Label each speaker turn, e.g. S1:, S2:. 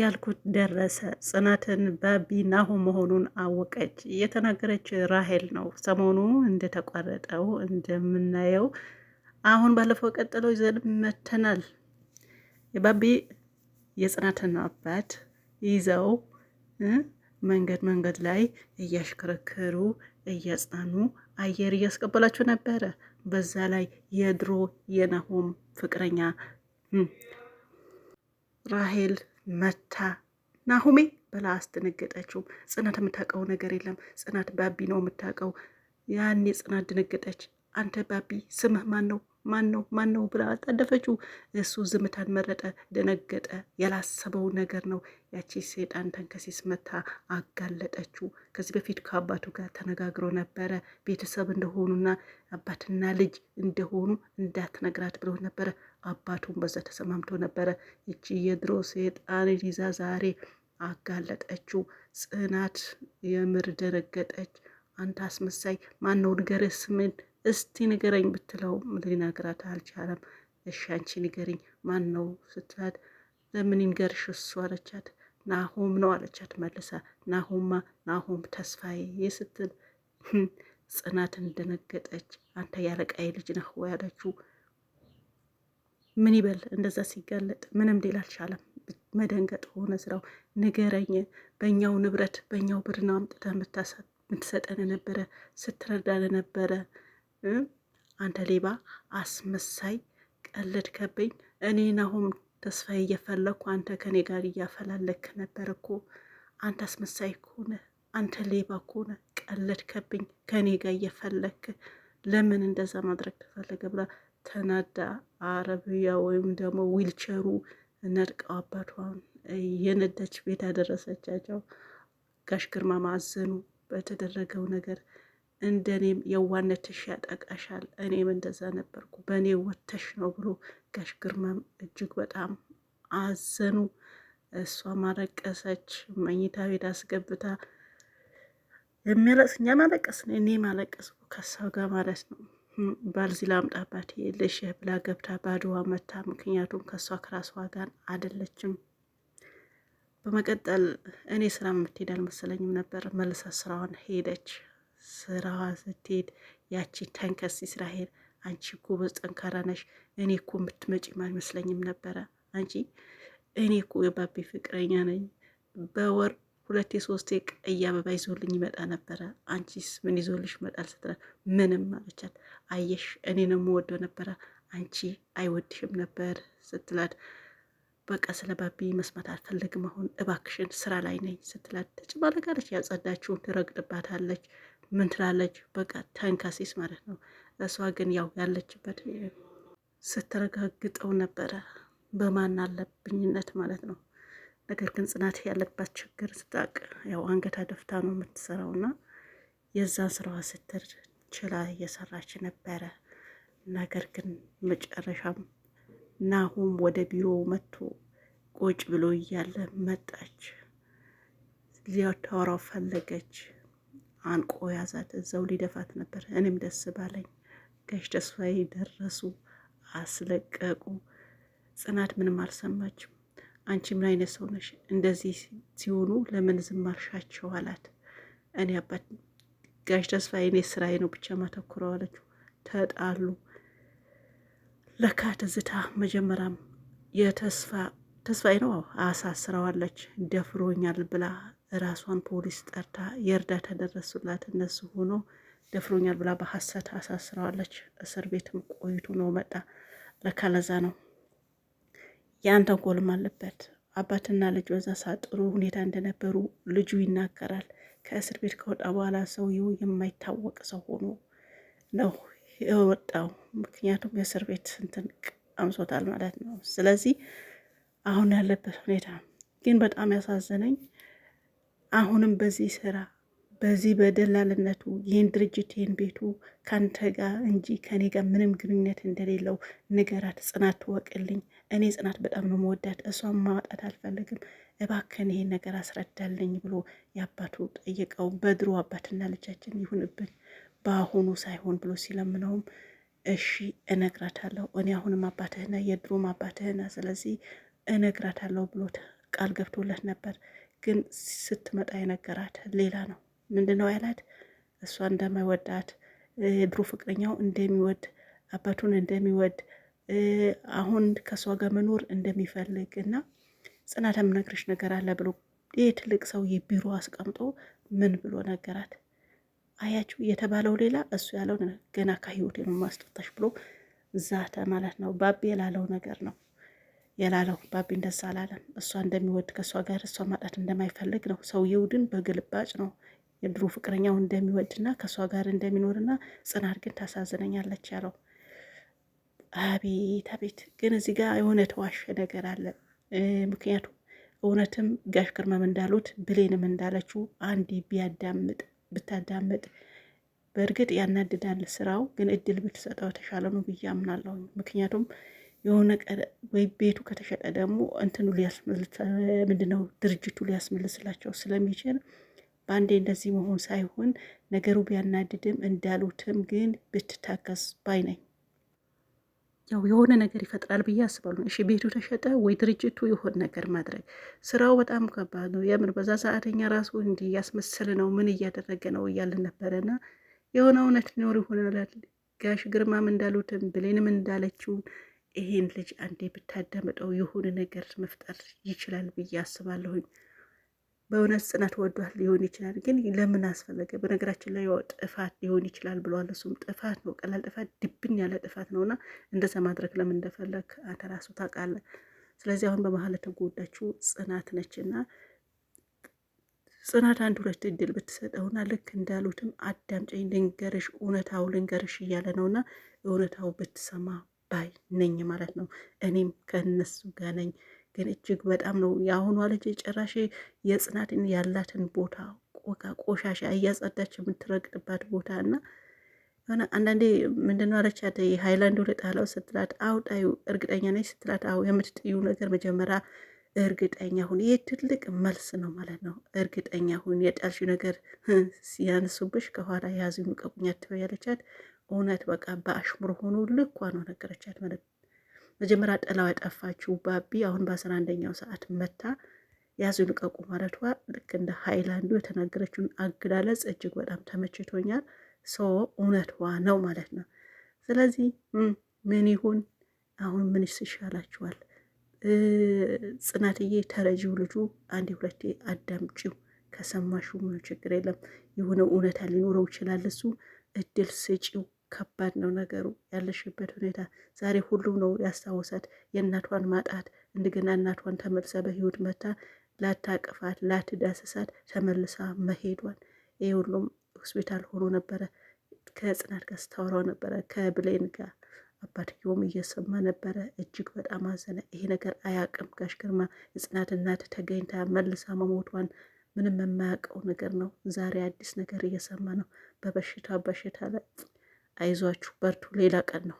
S1: ያልኩት ደረሰ። ጽናትን ባቢ ናሆ መሆኑን አወቀች። የተናገረች ራሄል ነው። ሰሞኑ እንደተቋረጠው እንደምናየው አሁን ባለፈው ቀጥለው ይዘን መተናል። የባቢ የጽናትን አባት ይዘው መንገድ መንገድ ላይ እያሽከረከሩ እያጽናኑ አየር እያስቀበላቸው ነበረ። በዛ ላይ የድሮ የናሆም ፍቅረኛ ራሄል መታ ናሁሜ ብላ አስደነገጠችው። ጽናት የምታውቀው ነገር የለም። ጽናት ባቢ ነው የምታውቀው። ያኔ ጽናት ደነገጠች። አንተ ባቢ ስምህ ማን ነው? ማን ነው ማን ነው ብላ አጣደፈችው። እሱ ዝምታን መረጠ፣ ደነገጠ። ያላሰበው ነገር ነው። ያቺ ሴጣን ተንከሴስ መታ አጋለጠችው። ከዚህ በፊት ከአባቱ ጋር ተነጋግሮ ነበረ ቤተሰብ እንደሆኑና አባትና ልጅ እንደሆኑ እንዳትነግራት ብሎ ነበረ። አባቱን በዛ ተሰማምቶ ነበረ። ይቺ የድሮ ሴጣን ይዛ ዛሬ አጋለጠችው። ጽናት የምር ደነገጠች። አንተ አስመሳይ ማን ነው ንገርህ ስምን እስቲ ንገረኝ ብትለው ሊነግራት አልቻለም። እሺ አንቺ ንገሪኝ ማን ነው ስትላት፣ ለምን ይንገርሽ እሱ አለቻት። ናሆም ነው አለቻት መልሳ። ናሆማ ናሆም ተስፋዬ ስትል ጽናትን ደነገጠች። አንተ ያለቃዬ ልጅ ነህ ወይ አለችው። ምን ይበል እንደዛ ሲጋለጥ ምንም ሌላ አልቻለም። መደንገጥ ሆነ ስራው። ንገረኝ በእኛው ንብረት በእኛው ብርና አምጥተህ የምትሰጠን ነበረ ስትረዳ ለነበረ አንተ ሌባ አስመሳይ ቀለድ ከበኝ እኔ ናሆም ተስፋዬ እየፈለግኩ አንተ ከኔ ጋር እያፈላለክ ነበር እኮ አንተ አስመሳይ ከሆነ አንተ ሌባ ከሆነ ቀለድ ከብኝ ከኔ ጋር እየፈለክ ለምን እንደዛ ማድረግ ተፈለገ ብላ ተናዳ አረብያ ወይም ደግሞ ዊልቸሩ ነድቀው አባቷን የነዳች ቤት ያደረሰቻቸው ጋሽ ግርማ ማዘኑ በተደረገው ነገር እንደኔም የዋነትሽ ያጠቃሻል፣ እኔም እንደዛ ነበርኩ፣ በእኔ ወተሽ ነው ብሎ ጋሽ ግርማም እጅግ በጣም አዘኑ። እሷ ማለቀሰች። መኝታ ቤት አስገብታ የሚያለቅስ እኛ ማለቀስ ነው እኔ ማለቀስ ከሳው ጋር ማለት ነው። ባልዚ ላምጣባት አባቴ ብላ ገብታ ባድዋ መታ። ምክንያቱም ከሷ ከራሷ ጋር አደለችም። በመቀጠል እኔ ስራ የምትሄድ አልመሰለኝም ነበር። መልሳ ስራዋን ሄደች። ስራዋ ስትሄድ ያቺ ተንከስ እስራኤል አንቺ ጎበዝ ጠንካራ ነሽ፣ እኔ እኮ የምትመጪም አይመስለኝም ነበረ አንቺ እኔ እኮ የባቢ ፍቅረኛ ነኝ፣ በወር ሁለቴ ሶስቴ ቀይ አበባ ይዞልኝ ይመጣ ነበረ፣ አንቺስ ምን ይዞልሽ ይመጣል ስትላት ምንም አለቻት። አየሽ እኔ ነው የምወደው ነበረ፣ አንቺ አይወድሽም ነበር ስትላት በቃ ስለ ባቢ መስማት አልፈልግም አሁን እባክሽን ስራ ላይ ነኝ ስትላት ተጭማለጋለች። ያጸዳችውን ትረግጥባታለች። ምን ትላለች? በቃ ተንከሲስ ማለት ነው። እሷ ግን ያው ያለችበት ስትረጋግጠው ነበረ በማን አለብኝነት ማለት ነው። ነገር ግን ጽናት ያለባት ችግር ስታቅ ያው አንገት ደፍታ ነው የምትሰራው እና የዛን ስራዋ ስትር ችላ እየሰራች ነበረ። ነገር ግን መጨረሻም ናሁም ወደ ቢሮ መጥቶ ቁጭ ብሎ እያለ መጣች፣ ሊያወራው ፈለገች። አንቆ ያዛት። እዛው ሊደፋት ነበር። እኔም ደስ ባለኝ። ጋሽ ተስፋዬ ደረሱ፣ አስለቀቁ። ጽናት ምንም አልሰማችም። አንቺ ምን አይነት ሰው ነሽ? እንደዚህ ሲሆኑ ለምን ዝም አልሻቸው አላት። እኔ አባት ጋሽ ተስፋዬ እኔ ስራዬ ነው ብቻ ማተኩረው አለችው። ተጣሉ። ለካ ትዝታ መጀመሪያም የተስፋ ተስፋዬ ነው አሳስረዋለች ደፍሮኛል ብላ ራሷን ፖሊስ ጠርታ የእርዳታ ደረሱላት እነሱ ሆኖ ደፍሮኛል ብላ በሀሰት አሳስረዋለች። እስር ቤትም ቆይቶ ነው መጣ። ለካ ለዛ ነው የአንተ ጎልም አለበት። አባትና ልጅ በዛ ሳጥሩ ሁኔታ እንደነበሩ ልጁ ይናገራል። ከእስር ቤት ከወጣ በኋላ ሰውየው የማይታወቅ ሰው ሆኖ ነው የወጣው። ምክንያቱም የእስር ቤት ስንትን ቀምሶታል ማለት ነው። ስለዚህ አሁን ያለበት ሁኔታ ግን በጣም ያሳዘነኝ አሁንም በዚህ ስራ በዚህ በደላልነቱ ይህን ድርጅት ይህን ቤቱ ከአንተ ጋር እንጂ ከኔ ጋር ምንም ግንኙነት እንደሌለው ንገራት። ጽናት ትወቅልኝ። እኔ ጽናት በጣም ነው መወዳት፣ እሷን ማውጣት አልፈልግም። እባክን ይሄን ነገር አስረዳልኝ ብሎ የአባቱ ጠየቀው። በድሮ አባትና ልጃችን ይሁንብን በአሁኑ ሳይሆን ብሎ ሲለምነውም እሺ እነግራታለሁ፣ እኔ አሁንም አባትህና የድሮም አባትህና ስለዚህ እነግራታለሁ ብሎት ቃል ገብቶለት ነበር። ግን ስትመጣ የነገራት ሌላ ነው። ምንድነው ያላት? እሷ እንደማይወዳት ድሮ ፍቅረኛው እንደሚወድ አባቱን እንደሚወድ አሁን ከእሷ ጋር መኖር እንደሚፈልግ እና ጽናት የምነግርሽ ነገር አለ ብሎ ይህ ትልቅ ሰው የቢሮ አስቀምጦ ምን ብሎ ነገራት? አያችሁ፣ የተባለው ሌላ እሱ ያለው ገና ከህይወት የማስጠጣሽ ብሎ ዛተ ማለት ነው። ባቤ ላለው ነገር ነው። የላለው ባቢ እንደዛ አላለም። እሷ እንደሚወድ ከእሷ ጋር እሷ ማጣት እንደማይፈልግ ነው። ሰውየውድን በግልባጭ ነው የድሮ ፍቅረኛው እንደሚወድና ከእሷ ጋር እንደሚኖርና ጽናት ግን ታሳዝነኛለች ያለው። አቤት አቤት! ግን እዚህ ጋር የሆነ ተዋሸ ነገር አለ። ምክንያቱም እውነትም ጋሽ ግርማም እንዳሉት ብሌንም እንዳለችው አንድ ቢያዳምጥ ብታዳምጥ በእርግጥ ያናድዳል ስራው፣ ግን እድል ብትሰጠው የተሻለ ነው ብዬ አምናለሁ። ምክንያቱም የሆነ ወይ ቤቱ ከተሸጠ ደግሞ እንትኑ ምንድነው ድርጅቱ ሊያስመልስላቸው ስለሚችል በአንዴ እንደዚህ መሆን ሳይሆን ነገሩ ቢያናድድም እንዳሉትም ግን ብትታከስ ባይ ነኝ። ያው የሆነ ነገር ይፈጥራል ብዬ አስባሉ እሺ ቤቱ ተሸጠ ወይ ድርጅቱ የሆን ነገር ማድረግ ስራው በጣም ከባድ ነው። የምር በዛ ሰዓተኛ ራሱ እንዲህ እያስመሰለ ነው ምን እያደረገ ነው ነበረ ነበረና የሆነ እውነት ሊኖር ይሆናል። ጋሽ ግርማም እንዳሉትም ብሌንም እንዳለችው ይሄን ልጅ አንዴ ብታዳምጠው የሆነ ነገር መፍጠር ይችላል ብዬ አስባለሁኝ። በእውነት ጽናት ወዷት ሊሆን ይችላል፣ ግን ለምን አስፈለገ? በነገራችን ላይ ጥፋት ሊሆን ይችላል ብለዋል። እሱም ጥፋት ነው፣ ቀላል ጥፋት፣ ድብን ያለ ጥፋት ነው እና እንደዛ ማድረግ ለምን እንደፈለግ አንተ ራሱ ታውቃለህ። ስለዚህ አሁን በመሀል የተጎዳችው ጽናት ነች እና ጽናት አንድ ሁለት እድል ብትሰጠውና ልክ እንዳሉትም አዳምጨኝ፣ ልንገርሽ፣ እውነታው ልንገርሽ እያለ ነውና እውነታው ብትሰማ ባይ ነኝ ማለት ነው። እኔም ከእነሱ ጋር ነኝ። ግን እጅግ በጣም ነው የአሁኗ ልጅ ጭራሽ የጽናትን ያላትን ቦታ ቆቃ ቆሻሻ እያጸዳች የምትረግጥባት ቦታ እና የሆነ አንዳንዴ ምንድነው አለቻት ሃይላንዱ ልጣለው ስትላት አው ጣዩ እርግጠኛ ነች ስትላት አው የምትጥዩ ነገር መጀመሪያ እርግጠኛ ሁን። ይህ ትልቅ መልስ ነው ማለት ነው። እርግጠኛ ሁን። የጣልሽ ነገር ሲያንሱብሽ ከኋላ የያዙ የሚቀቁኝ ትበያለቻት። እውነት በቃ በአሽሙር ሆኖ ልኳ ነው ነገረቻት። ማለት መጀመሪያ ጠላው የጠፋችው ባቢ አሁን በአስራ አንደኛው ሰዓት መታ ያዙ ልቀቁ ማለቷ ልክ እንደ ሀይላንዱ የተናገረችውን አገላለጽ እጅግ በጣም ተመችቶኛል። ሰው እውነትዋ ነው ማለት ነው። ስለዚህ ምን ይሁን አሁን ምን ይሻላችኋል? ጽናትዬ ተረጂው ልጁ አንድ ሁለቴ አዳምጪው። ከሰማሹ ምኑ ችግር የለም የሆነ እውነታ ሊኖረው ይችላል። እሱ እድል ስጪው። ከባድ ነው ነገሩ ያለሽበት ሁኔታ። ዛሬ ሁሉም ነው ያስታወሳት የእናቷን ማጣት። እንደገና እናቷን ተመልሳ በህይወት መታ ላታቅፋት ላትዳስሳት ተመልሳ መሄዷን ይህ ሁሉም ሆስፒታል ሆኖ ነበረ። ከጽናት ጋር ስታወራው ነበረ ከብሌን ጋር አባትየውም እየሰማ ነበረ። እጅግ በጣም አዘነ። ይሄ ነገር አያቅም ጋሽ ግርማ። የጽናት እናት ተገኝታ መልሳ መሞቷን ምንም የማያውቀው ነገር ነው። ዛሬ አዲስ ነገር እየሰማ ነው። በበሽታ በሽታ ላይ አይዟችሁ በርቱ፣ ሌላ ቀን ነው።